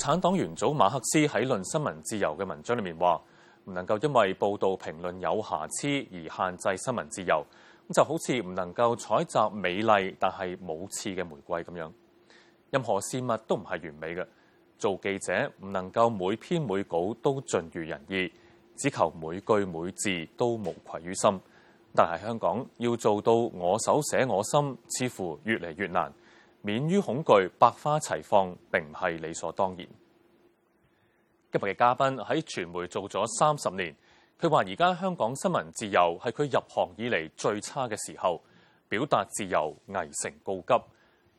產黨元祖馬克思喺論新聞自由嘅文章裏面話：唔能夠因為報導評論有瑕疵而限制新聞自由，咁就好似唔能夠採集美麗但係冇刺嘅玫瑰咁樣。任何事物都唔係完美嘅，做記者唔能夠每篇每稿都盡如人意，只求每句每字都無愧於心。但係香港要做到我手寫我心，似乎越嚟越難。免於恐懼，百花齊放並唔係理所當然。今日嘅嘉賓喺傳媒做咗三十年，佢話而家香港新聞自由係佢入行以嚟最差嘅時候，表達自由危城告急。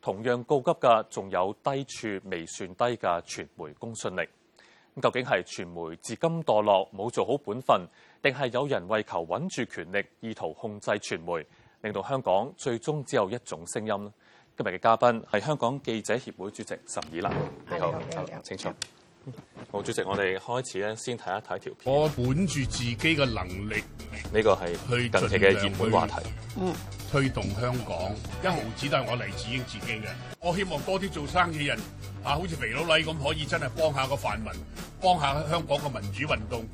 同樣告急嘅仲有低處未算低嘅傳媒公信力。究竟係傳媒自甘墮落，冇做好本分，定係有人為求穩住權力，意圖控制傳媒，令到香港最終只有一種聲音？今日嘅嘉賓係香港記者協會主席岑倚蘭，你好，請坐好，主席，我哋開始咧，先睇一睇條片。我本住自己嘅能力，呢個係近期嘅熱門話題。嗯，推動香港一毫子，都係我黎智英自己嘅。我希望多啲做生意人好似肥佬黎咁，可以真係幫下個泛民，幫下香港嘅民主運動。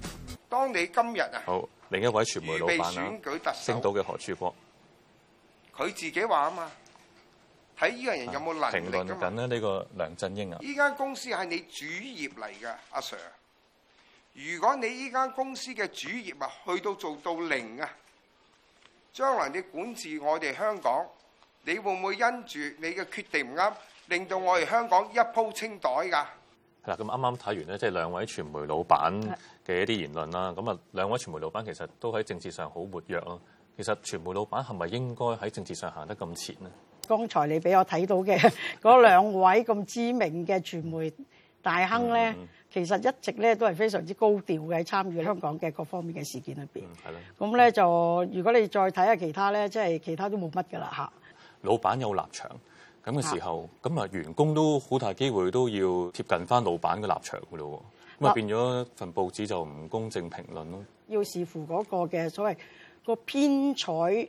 當你今日啊，好，另一位傳媒老闆啊，選舉特首，星島嘅何柱國，佢自己話啊嘛。睇呢個人有冇能力啊嘛！評論緊呢個梁振英啊！依間公司係你主業嚟噶，阿 Sir。如果你依間公司嘅主業啊，去到做到零啊，將來你管治我哋香港，你會唔會因住你嘅決定唔啱，令到我哋香港一鋪清袋㗎？係啦，咁啱啱睇完咧，即係兩位傳媒老闆嘅一啲言論啦。咁啊的，兩位傳媒老闆其實都喺政治上好活躍咯。其實傳媒老闆係咪應該喺政治上行得咁前呢？剛才你俾我睇到嘅嗰兩位咁知名嘅傳媒大亨咧，其實一直咧都係非常之高調嘅參與香港嘅各方面嘅事件裏邊。嗯，係咯。咁咧就如果你再睇下其他咧，即係其他都冇乜噶啦吓，老闆有立場，咁嘅時候，咁啊員工都好大機會都要貼近翻老闆嘅立場噶咯。咁啊變咗份報紙就唔公正評論咯。要視乎嗰個嘅所謂個編採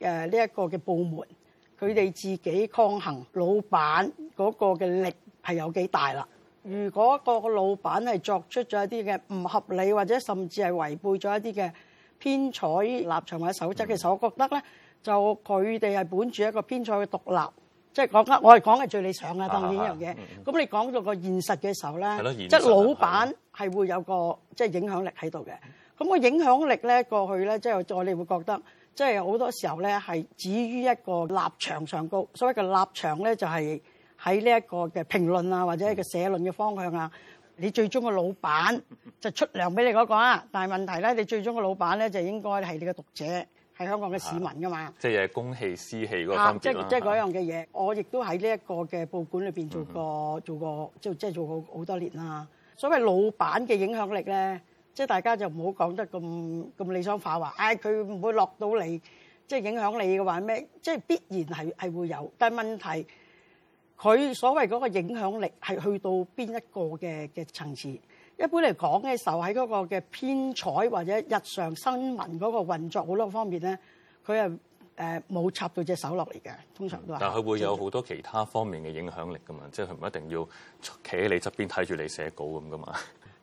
誒呢一個嘅部門。佢哋自己抗衡，老闆嗰個嘅力係有幾大啦？如果嗰個老闆係作出咗一啲嘅唔合理，或者甚至係違背咗一啲嘅編採立場或者守則嘅時候，嗯、我覺得咧，就佢哋係本住一個編採嘅獨立，即係講得，我哋講嘅最理想啊。當然一樣嘢，咁、嗯、你講到個現實嘅時候咧，即係老闆係會有個即係影響力喺度嘅。咁個影響力咧，那個、力過去咧，即、就、係、是、我哋會覺得。即係好多時候咧，係止於一個立場上高。所謂嘅立場咧，就係喺呢一個嘅評論啊，或者一個社論嘅方向啊。你最終嘅老闆就出糧俾你嗰個啊。但係問題咧，你最終嘅老闆咧，就應該係你嘅讀者，係香港嘅市民㗎嘛。即、就、係、是、公器私器嗰三即即嗰樣嘅嘢，我亦都喺呢一個嘅報館裏邊做過做過，即即做過好多年啦。所謂老闆嘅影響力咧。即係大家就唔好講得咁咁理想化話，唉，佢、哎、唔會落到嚟，即係影響你嘅話咩？即係必然係係會有，但係問題佢所謂嗰個影響力係去到邊一個嘅嘅層次？一般嚟講嘅時候，喺嗰個嘅編採或者日常新聞嗰個運作好多方面咧，佢係誒冇插到隻手落嚟嘅，通常都係。但係佢會有好多其他方面嘅影響力㗎嘛？即係佢唔一定要企喺你側邊睇住你寫稿咁㗎嘛？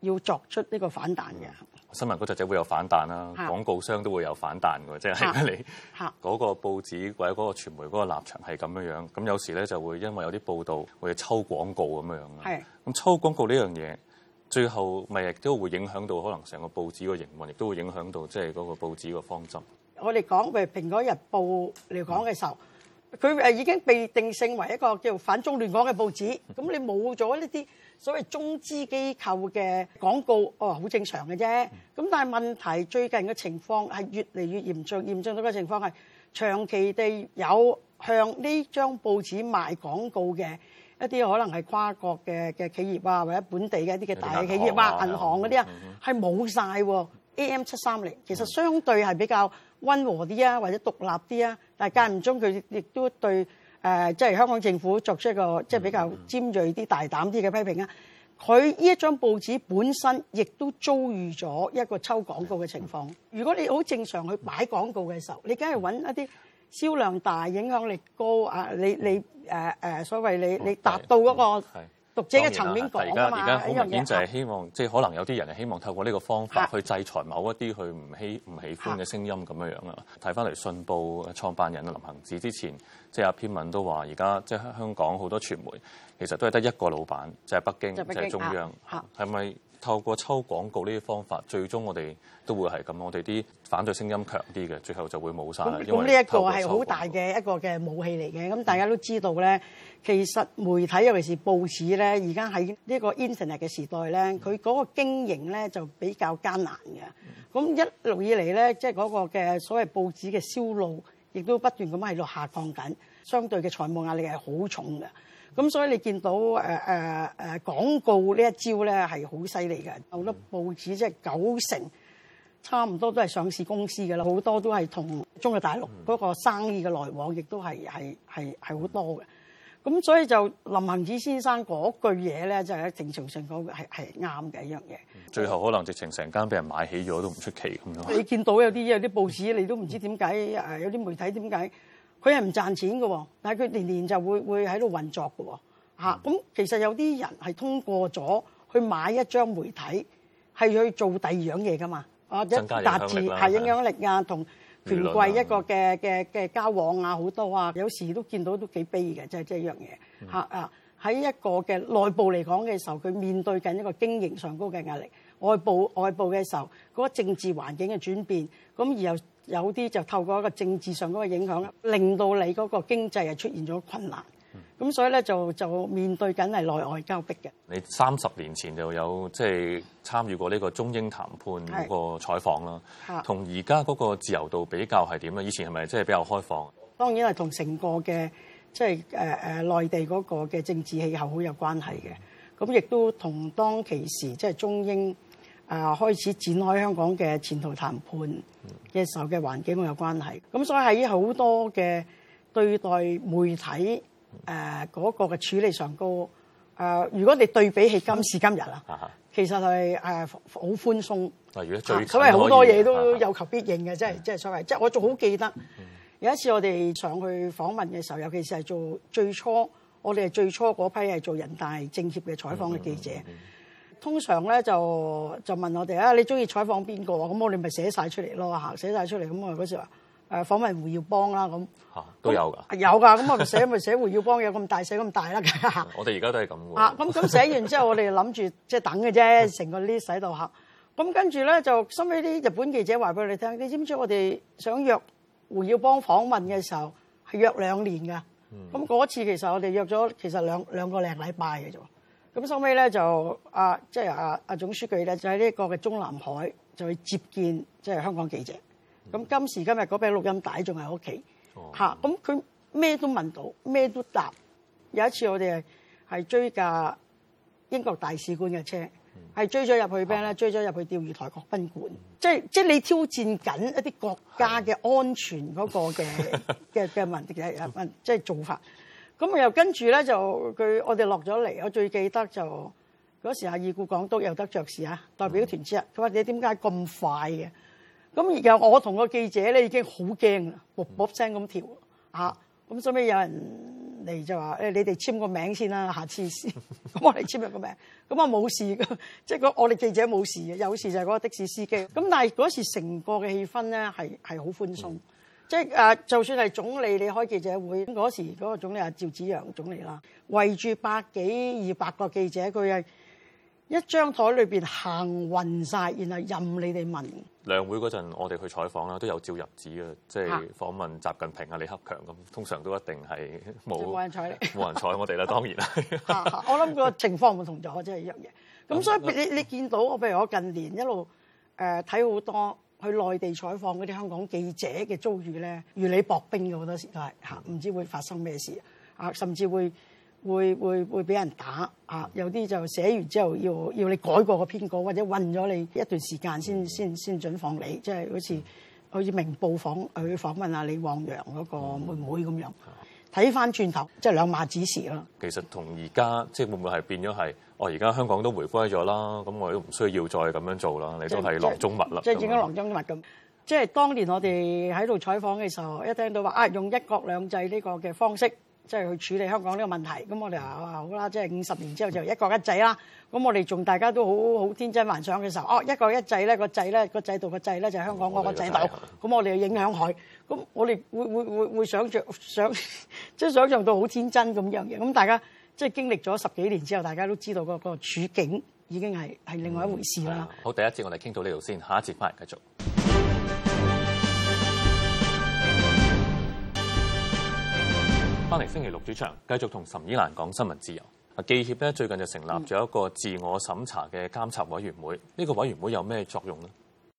要作出呢個反彈嘅新聞工作者會有反彈啦，廣的告商都會有反彈嘅，是的即係你嗰個報紙或者嗰個傳媒嗰個立場係咁樣樣。咁的有時咧就會因為有啲報道或者抽廣告咁樣啊。咁的抽廣告呢樣嘢，最後咪亦都會影響到可能成個報紙個營運，亦都會影響到即係嗰個報紙個方針。我哋講譬如《蘋果日報》嚟講嘅時候，佢、嗯、已經被定性為一個叫反中亂港嘅報紙。咁、嗯、你冇咗呢啲。所謂中資機構嘅廣告，哦，好正常嘅啫。咁但係問題最近嘅情況係越嚟越嚴重，嚴重到嘅情況係長期地有向呢張報紙賣廣告嘅一啲可能係跨國嘅嘅企業啊，或者本地嘅一啲嘅大嘅企業啊，銀行嗰啲啊，係冇曬。AM730。其實相對係比較溫和啲啊，或者獨立啲啊。但係間唔中佢亦都對。誒、呃，即係香港政府作出一個即係比較尖鋭啲、大膽啲嘅批評啊，佢呢一張報紙本身亦都遭遇咗一個抽廣告嘅情況。如果你好正常去擺廣告嘅時候，你梗係揾一啲銷量大、影響力高啊，你你誒、呃、所謂你你達到嗰、那個。這個層面講啊，而家而家好明顯就係希望，即係可能有啲人係希望透過呢個方法去制裁某一啲佢唔希唔喜歡嘅聲音，咁樣樣啦。睇翻嚟，《信報》創辦人林行止之前即係阿篇文都話，而家即係香港好多傳媒其實都係得一個老闆，就係、是、北京，即係中央，係咪？透過抽廣告呢啲方法，最終我哋都會係咁，我哋啲反對聲音強啲嘅，最後就會冇晒。咁咁呢一個係好大嘅一個嘅武器嚟嘅。咁、嗯、大家都知道咧，其實媒體尤其是報紙咧，而家喺呢個 internet 嘅時代咧，佢嗰個經營咧就比較艱難嘅。咁、嗯、一路以嚟咧，即係嗰個嘅所謂報紙嘅銷路，亦都不斷咁喺度下降緊，相對嘅財務壓力係好重嘅。咁所以你見到誒誒誒廣告呢一招咧係好犀利嘅，好多報紙即係九成差唔多都係上市公司㗎啦，好多都係同中國大陸嗰個生意嘅來往亦都係係係好多嘅。咁所以就林行止先生嗰句嘢咧，就係喺正常上講係係啱嘅一樣嘢。嗯、最後可能直情成間俾人買起咗都唔出奇咁樣。就係、你見到有啲有啲報紙，你都唔知點解、嗯、有啲媒體點解？佢係唔賺錢嘅喎，但係佢年年就會會喺度運作嘅喎，咁、嗯、其實有啲人係通過咗去買一張媒體，係去做第二樣嘢噶嘛，啊一達至係影響力啊，同權的貴一個嘅嘅嘅交往啊好多啊，的有時都見到都幾悲嘅，即係即係一樣嘢吓啊，喺一個嘅內部嚟講嘅時候，佢面對緊一個經營上高嘅壓力，外部外部嘅時候嗰、那個政治環境嘅轉變，咁而後。有啲就透過一個政治上嗰個影響，令到你嗰個經濟係出現咗困難。咁、嗯、所以咧就就面對緊係內外交迫嘅。你三十年前就有即係、就是、參與過呢個中英談判嗰個採訪啦，同而家嗰個自由度比較係點啊？以前係咪即係比較開放？當然係同成個嘅即係誒誒內地嗰個嘅政治氣候好有關係嘅。咁亦都同當其時即係、就是、中英。誒、啊、開始展開香港嘅前途談判嘅時候嘅環境有關係，咁所以喺好多嘅對待媒體嗰、啊那個嘅處理上高、啊，如果你對比起今時今日啦，啊、其實係好、啊、寬鬆，啊、如果最以所如最，好多嘢都有求必應嘅，即係即係所謂，即、就、係、是、我仲好記得有一次我哋上去訪問嘅時候，尤其是係做最初，我哋係最初嗰批係做人大政協嘅採訪嘅記者。啊啊啊啊通常咧就就問我哋啊，你中意採訪邊個？咁我哋咪寫晒出嚟咯嚇，寫晒出嚟，咁我嗰時話誒訪問胡耀邦啦，咁，嚇都有噶，有噶咁我寫咪 寫，寫胡耀邦，有咁大寫咁大啦 我哋而家都係咁喎。咁咁寫完之後，我哋諗住即係等嘅啫，成個 list 喺度嚇。咁跟住咧就收尾啲日本記者話俾我哋聽，你知唔知我哋想約胡耀邦訪問嘅時候係約兩年㗎？咁嗰、嗯、次其實我哋約咗，其實兩兩個零禮拜嘅啫。咁收尾咧就阿即係啊阿總書記咧就喺呢個嘅中南海就去接見即係香港記者。咁今時今日嗰餅錄音帶仲喺屋企，嚇，咁佢咩都問到，咩都答。有一次我哋係追架英國大使館嘅車，係追咗入去邊咧？追咗入去釣魚台國賓館，即係即係你挑戰緊一啲國家嘅安全嗰個嘅嘅嘅問題、即係做法。 咁又跟住咧就佢我哋落咗嚟，我最記得就嗰時阿二號港督尤德爵士啊，代表團長，佢話你點解咁快嘅？咁然後我同個記者咧已經好驚啦，噗噗聲咁跳，咁所以有人嚟就話你哋簽個名先啦，下次先，咁 我哋簽入個名，咁啊冇事嘅，即係我哋記者冇事嘅，有事就係嗰個的士司機。咁但係嗰時成個嘅氣氛咧係係好寬鬆。即係誒，就算係總理，理，你開記者會嗰時，嗰個總理阿趙紫陽總理啦，圍住百幾二百個記者，佢係一張台裏邊行暈晒，然後任你哋問。兩會嗰陣，我哋去採訪啦，都有照入紙嘅，即係訪問習近平啊、李克強咁，通常都一定係冇冇人睬你，冇人睬我哋啦，當然係。 我諗個情況唔同咗，即係一樣嘢。咁所以你你見到我譬如我近年一路誒睇好多。去內地採訪嗰啲香港記者嘅遭遇咧，如履薄冰嘅，好多時都係嚇，唔知會發生咩事啊！甚至會會會會俾人打啊！有啲就寫完之後要要你改過個編稿，或者韞咗你一段時間先先先準放你，即係好似去明報訪去訪問阿李旺陽嗰個妹妹咁樣。睇翻轉頭，即係兩碼子事咯。其實同而家即係會唔會係變咗係，哦，而家香港都回歸咗啦，咁我都唔需要再咁樣做啦，你都係囊中物啦。即係變咗囊中物咁。即係當年我哋喺度採訪嘅時候，一聽到話，啊用一國兩制呢個嘅方式，即係去處理香港呢個問題，咁我哋話啊好啦，即係五十年之後就一國一制啦。咁我哋仲大家都好好天真幻想嘅時候，哦，一國一制咧個制咧個制，制度個制咧就係香港嗰個制度，咁我哋又影響佢，咁我哋會會會會想像想，即係想像到好天真咁樣嘅。咁大家即係經歷咗十幾年之後，大家都知道、嗰個、嗰個處境已經係係另外一回事啦、嗯。好，第一節我哋傾到呢度先，下一節翻嚟繼續。翻嚟星期六主場，繼續同岑倚蘭講新聞自由。啊，記協咧最近就成立咗一個自我審查嘅監察委員會，呢、嗯、個委員會有咩作用呢？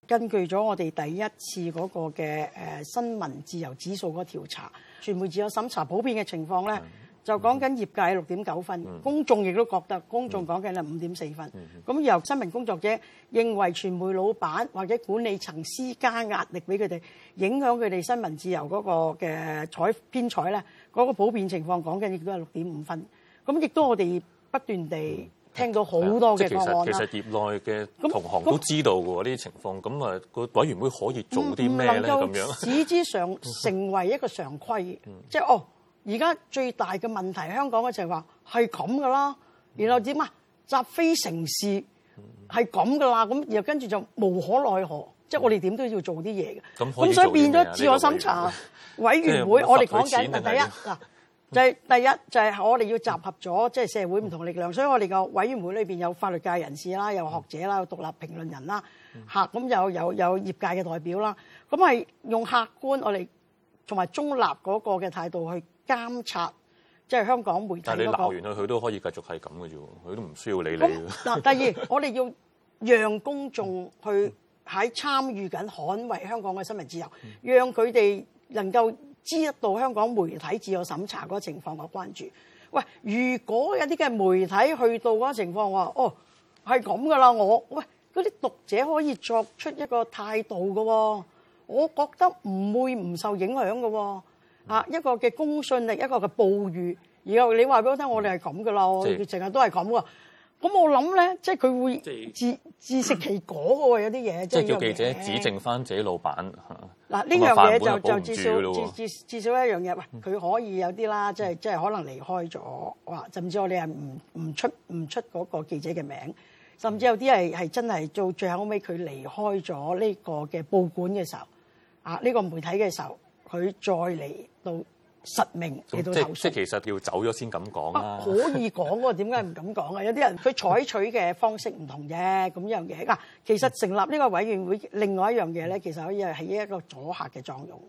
根據咗我哋第一次嗰個嘅誒、呃、新聞自由指數嗰調查，傳媒自由審查普遍嘅情況咧。嗯就講緊業界六點九分，公眾亦都覺得公眾講緊係五點四分。咁由新聞工作者認為傳媒老闆或者管理層施加壓力俾佢哋，影響佢哋新聞自由嗰個嘅採編採咧，嗰個普遍情況講緊亦都係六點五分。咁亦都我哋不斷地聽到好多嘅個案啦。即係其實業內嘅同行都知道㗎喎呢啲情況。咁啊，個委員會可以做啲咩咧？咁樣史之上成為一個常規，即係哦。而家最大嘅問題香港嘅就係話係咁噶啦，然後點啊？積非成是係咁噶啦，咁然後跟住就無可奈何，即係我哋點都要做啲嘢嘅。咁所以變咗自我審查委員會我哋講緊第一嗱，就係第一就係我哋要集合咗即係社會唔同力量，所以我哋個委員會裏邊有法律界人士啦，有學者啦，有獨立評論人啦，吓，咁又有有業界嘅代表啦，咁係用客觀我哋同埋中立嗰個嘅態度去。監察即係香港媒體，但係你鬧完佢，佢都可以繼續係咁嘅啫。佢都唔需要理你。嗱，第二，我哋要讓公眾去喺參與緊捍衞香港嘅新聞自由，讓佢哋能夠知得到香港媒體自我審查嗰個情況，我關注。喂，如果有啲嘅媒體去到嗰個情況話，哦，係咁噶啦，我喂嗰啲讀者可以作出一個態度嘅喎，我覺得唔會唔受影響嘅喎。啊！一個嘅公信力，一個嘅暴雨，然後你話俾我聽、嗯，我哋係咁噶啦，成日都係咁喎。咁我諗咧，即係佢會自自，自食其果喎。有啲嘢即係叫記者指證返自己老闆。嗱呢樣嘢就就至少至，至，至少一樣嘢，佢可以有啲啦。即係即係可能離開咗，嗯、甚至我哋係唔唔出唔出嗰個記者嘅名。甚至有啲係真係做最後尾，佢離開咗呢個嘅報館嘅時候，啊、這、呢個媒體嘅時候，佢再嚟。到實名到投訴即，即係其實要走咗先咁講啦。可以講喎，點解唔敢講啊？啊 有啲人佢採取嘅方式唔同啫。咁樣嘢嗱，其實成立呢個委員會，另外一樣嘢咧，其實可以係一個阻嚇嘅作用，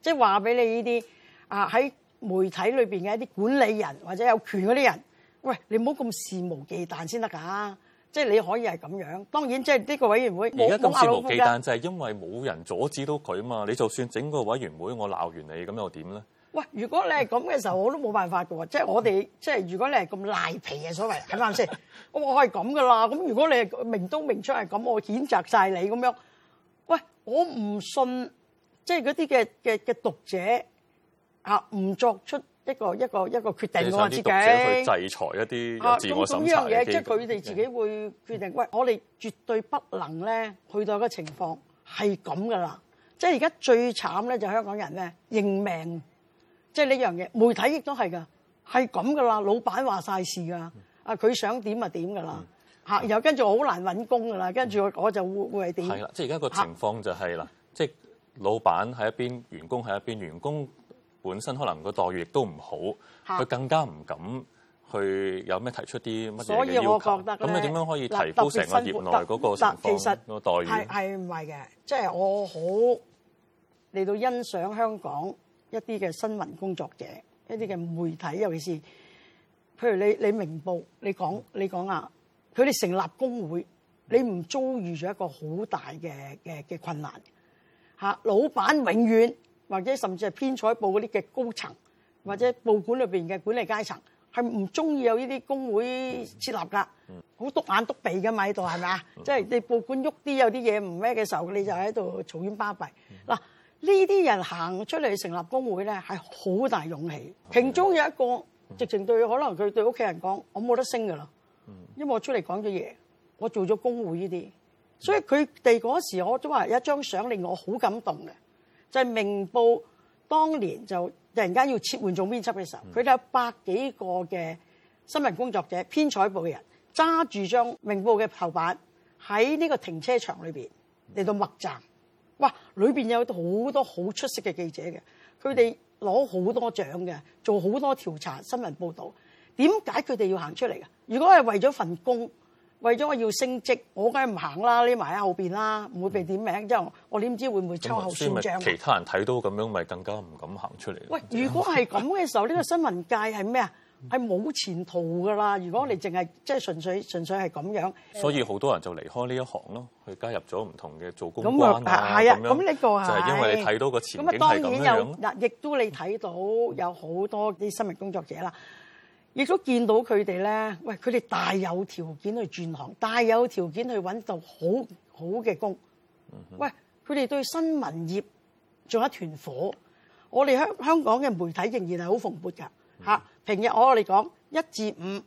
即係話俾你呢啲啊喺媒體裏邊嘅一啲管理人或者有權嗰啲人，喂，你唔好咁肆無忌憚先得㗎。即係你可以係咁樣，當然即係呢個委員會。而家咁肆無忌憚就係因為冇人阻止到佢嘛。你就算整個委員會，我鬧完你咁又點咧？喂，如果你係咁嘅時候，我都冇辦法㗎喎。即係我哋即係如果你係咁賴皮嘅所謂，係咪先？我係咁嘅啦。咁如果你係明刀明槍係咁，我譴責晒你咁樣。喂，我唔信，即係嗰啲嘅嘅嘅讀者啊，唔作出，一個一個一個決定喎，自己去制裁一啲啊，做呢樣嘢即係佢哋自己會決定。的喂，我哋絕對不能咧去到一個情況係咁噶啦。即係而家最慘咧就香港人咧認命，即係呢樣嘢。媒體亦都係噶，係咁噶啦。老闆話晒事噶，啊佢、嗯、想點就點噶啦。嚇、嗯，嗯、然後跟住我好難揾工噶啦。跟住、嗯、我就會會係點？係啦，即係而家個情況就係、是、啦，啊、即係老闆喺一邊，員工喺一邊，員工。員工本身可能個待遇亦都唔好，佢、嗯、更加唔敢去有咩提出啲乜嘢嘅要求。所以我覺得，咁你點樣可以提高成個業內嗰個情況、嗯、其實、個待遇，係，係唔係嘅？即係我好嚟,到欣賞香港一啲嘅新聞工作者、一啲嘅媒體，尤其是譬如，你你《明報》，你講，你講啊，佢哋成立工會，你唔遭遇咗一個好大嘅嘅嘅困難，吓，老闆永遠。或者甚至係編採部嗰啲嘅高層，或者報館裏邊嘅管理階層，係唔中意有呢啲工會設立噶，好篤、嗯嗯、眼篤鼻嘅咪喺度係咪啊？嗯、即係你報館喐啲有啲嘢唔咩嘅時候，你就喺度嘈冤巴閉。嗱呢啲人行出嚟成立工會咧，係好大勇氣。其、嗯、中有一個直情對，可能佢對屋企人講：我冇得升㗎啦，因為我出嚟講咗嘢，我做咗工會呢啲。所以佢哋嗰時候我都話有一張相令我好感動嘅。就係《明報》當年就突然間要切換做編輯嘅時候，佢哋有百幾個嘅新聞工作者、編採部嘅人揸住張《明報》嘅頭版喺呢個停車場裏邊嚟到默站。哇！裏邊有好多好出色嘅記者嘅，佢哋攞好多獎嘅，做好多調查新聞報導。點解佢哋要行出嚟嘅？如果係為咗份工？為咗我要升職，我梗係唔行啦，匿埋喺後邊啦，唔會被點名。之後我點知會唔會秋後算賬？嗯、其他人睇到咁樣，咪更加唔敢行出嚟。喂，如果係咁嘅時候，呢 個新聞界係咩啊？係冇前途噶啦！如果你淨係即係純粹、純粹係咁樣，所以好多人就離開呢一行咯，去加入咗唔同嘅做公關麼啊咁、啊、樣。啊，咁呢個係。就係因為你睇到個前景係咁啊，當然有嗱，樣亦都你睇到有好多啲新聞工作者啦。亦都見到佢哋咧，喂！佢哋大有條件去轉行，大有條件去揾到好好嘅工。嗯、哼喂！佢哋對新聞業仲有一團火。我哋香香港嘅媒體仍然係好蓬勃㗎。嚇、嗯，平日我哋講一至五。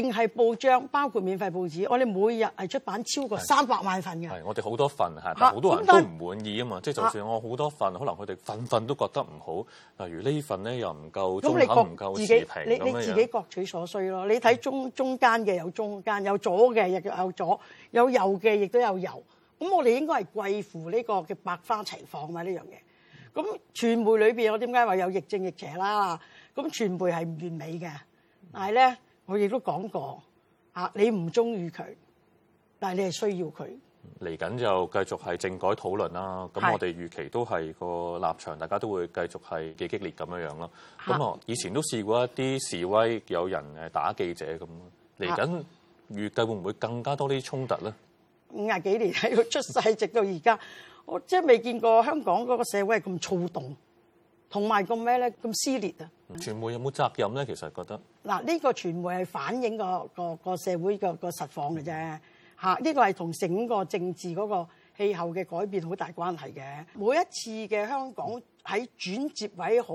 淨係報章，包括免費報紙，我哋每日係出版超過三百萬份嘅。係，我哋好多份係，好多人都唔滿意啊嘛！即係就算我好多份，啊、可能佢哋份份都覺得唔好。例如這份呢份咧又唔夠重，唔夠咁你各自己，你你自己各取所需咯。嗯、你睇中中間嘅有中間，有左嘅亦有左，有右嘅亦都有右。咁我哋應該係貴乎呢個嘅百花齊放嘛？呢樣嘢。咁傳、嗯、媒裏邊我點解話有亦正亦邪啦？咁傳媒係唔完美嘅，嗯、但係咧。我亦都講過，啊，你唔中意佢，但係你係需要佢。嚟緊就繼續係政改討論啦。咁是我哋預期都係個立場，大家都會繼續係幾激烈咁樣樣咯。咁啊是，我以前都試過一啲示威，有人誒打記者咁。嚟緊預計會唔會更加多啲衝突咧？五廿幾年喺度出世，直到而家， 我真係未見過香港嗰個社會咁躁動，同埋咁咩咧？咁撕裂啊！傳媒有冇責任咧？其實覺得嗱，呢個傳媒係反映個個個社會的實況而已這個個實況嘅啫，吓呢個係同整個政治嗰個氣候嘅改變好大關係嘅。每一次嘅香港喺轉接位好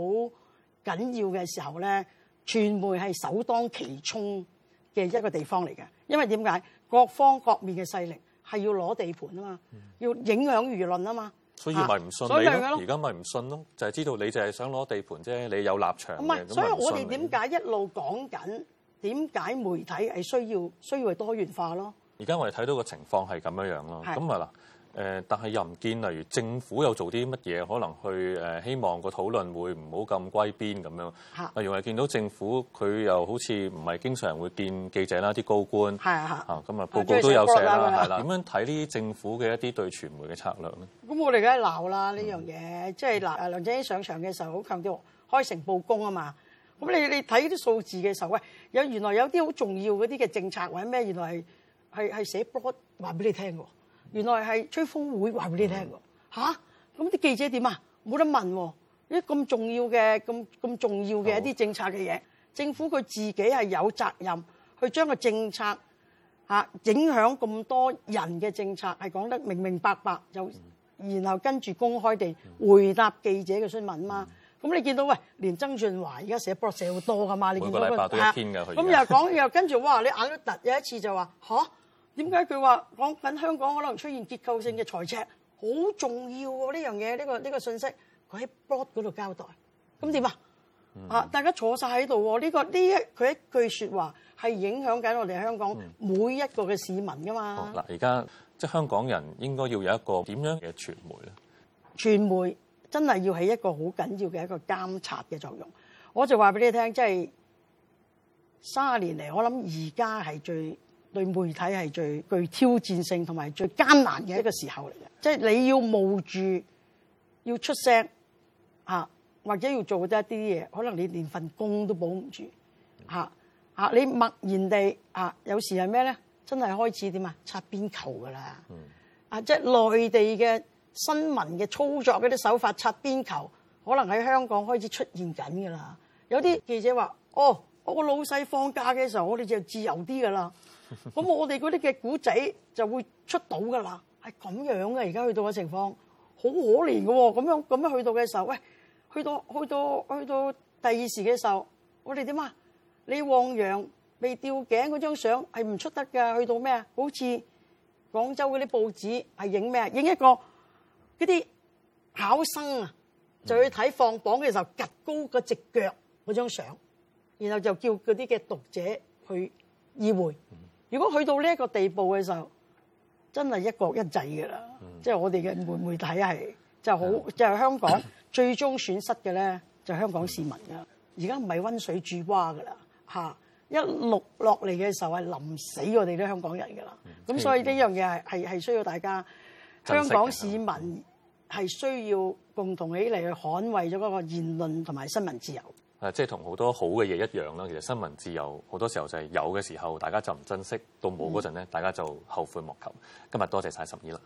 緊要嘅時候咧，傳媒係首當其衝嘅一個地方嚟嘅。因為點解各方各面嘅勢力係要攞地盤啊嘛，要影響輿論啊嘛。所以咪唔信你咯，而家咪唔信咯，就係知道你就係想攞地盤啫，你有立場嘅，咁咪唔信你。所以我哋點解一路講緊，點解媒體係需要需要係多元化咯？而家我哋睇到個情況係咁樣樣咯，咁咪啦。誒，但係又唔見，例如政府又做啲乜嘢，可能去誒希望個討論會唔好咁歸邊咁樣。啊，原來見到政府佢又好似唔係經常會見記者啦，啲高官。係啊！嚇。咁啊，報告都有寫啦，係啦。點樣睇呢啲政府嘅一啲對傳媒嘅策略咧？咁我哋梗係鬧啦呢樣嘢，這個嗯、即係嗱，梁振英上場嘅時候好強調開誠佈公啊嘛。咁、嗯、你你睇啲數字嘅時候，喂，有原來有啲好重要嗰啲嘅政策或者咩，原來係係係寫 blog 話俾你聽嘅。原來係吹風會話俾你聽喎，咁啲、嗯啊、記者點啊？冇得問喎！呢咁重要嘅、咁咁重要嘅一啲政策嘅嘢，的政府佢自己係有責任去將個政策嚇、啊、影響咁多人嘅政策係講得明明白白，就嗯、然後跟住公開地回答記者嘅詢問啊嘛。咁、嗯嗯、你見到喂，連曾俊華而家寫 blog 寫好多噶嘛？你見到佢咁又講 又跟住，哇！你眼都突，有一次就話吓！啊」點解佢話講緊香港可能出現結構性嘅財赤，好重要喎呢樣嘢，呢、這個呢、這個信息佢喺 blog 嗰度交代，咁點啊？嗯、啊，大家坐晒喺度喎，呢、這個呢一佢一句説話係影響緊我哋香港每一個嘅市民噶嘛。嗱、嗯，而家即係香港人應該要有一個點樣嘅傳媒咧？傳媒真係要起一個好緊要嘅一個監察嘅作用。我就話俾你聽，即係三十年嚟，我諗而家係最。對媒體係最具挑戰性同埋最艱難嘅一個時候嚟嘅，即係你要冒住要出聲嚇、啊，或者要做得一啲嘢，可能你連份工都保唔住嚇嚇、啊啊。你默然地嚇、啊，有時係咩咧？真係開始點啊？擦邊球噶啦啊！即係內地嘅新聞嘅操作嗰啲手法擦邊球，可能喺香港開始出現緊噶啦。有啲記者話：哦，我個老細放假嘅時候，我哋就自由啲噶啦。咁 我哋嗰啲嘅古仔就會出到噶啦，係咁樣嘅。而家去到嘅情況，好可憐嘅喎。咁樣咁樣去到嘅時候，喂，去到去到去到第二時嘅時候，我哋點啊？李旺陽未吊頸嗰張相係唔出得㗎，去到咩啊？好似廣州嗰啲報紙係影咩啊？影一個嗰啲考生啊，就去睇放榜嘅時候，及、嗯、高個隻腳嗰張相，然後就叫嗰啲嘅讀者去意會。嗯。如果去到呢一個地步嘅時候，真係一國一制嘅啦，即係、嗯、我哋嘅媒媒體係就好，就係、係就係、香港最終損失嘅咧，就係、香港市民㗎。而家唔係溫水煮蛙㗎啦，嚇一落落嚟嘅時候係淋死我哋啲香港人㗎啦。咁、嗯、所以呢樣嘢係係係需要大家香港市民係需要共同起嚟去捍衞咗嗰個言論同埋新聞自由。誒，即係同好多好嘅嘢一樣啦。其實新聞自由好多時候就係有嘅時候，大家就唔珍惜；到冇嗰陣咧，嗯、大家就後悔莫及。今日多謝晒岑倚蘭。啦。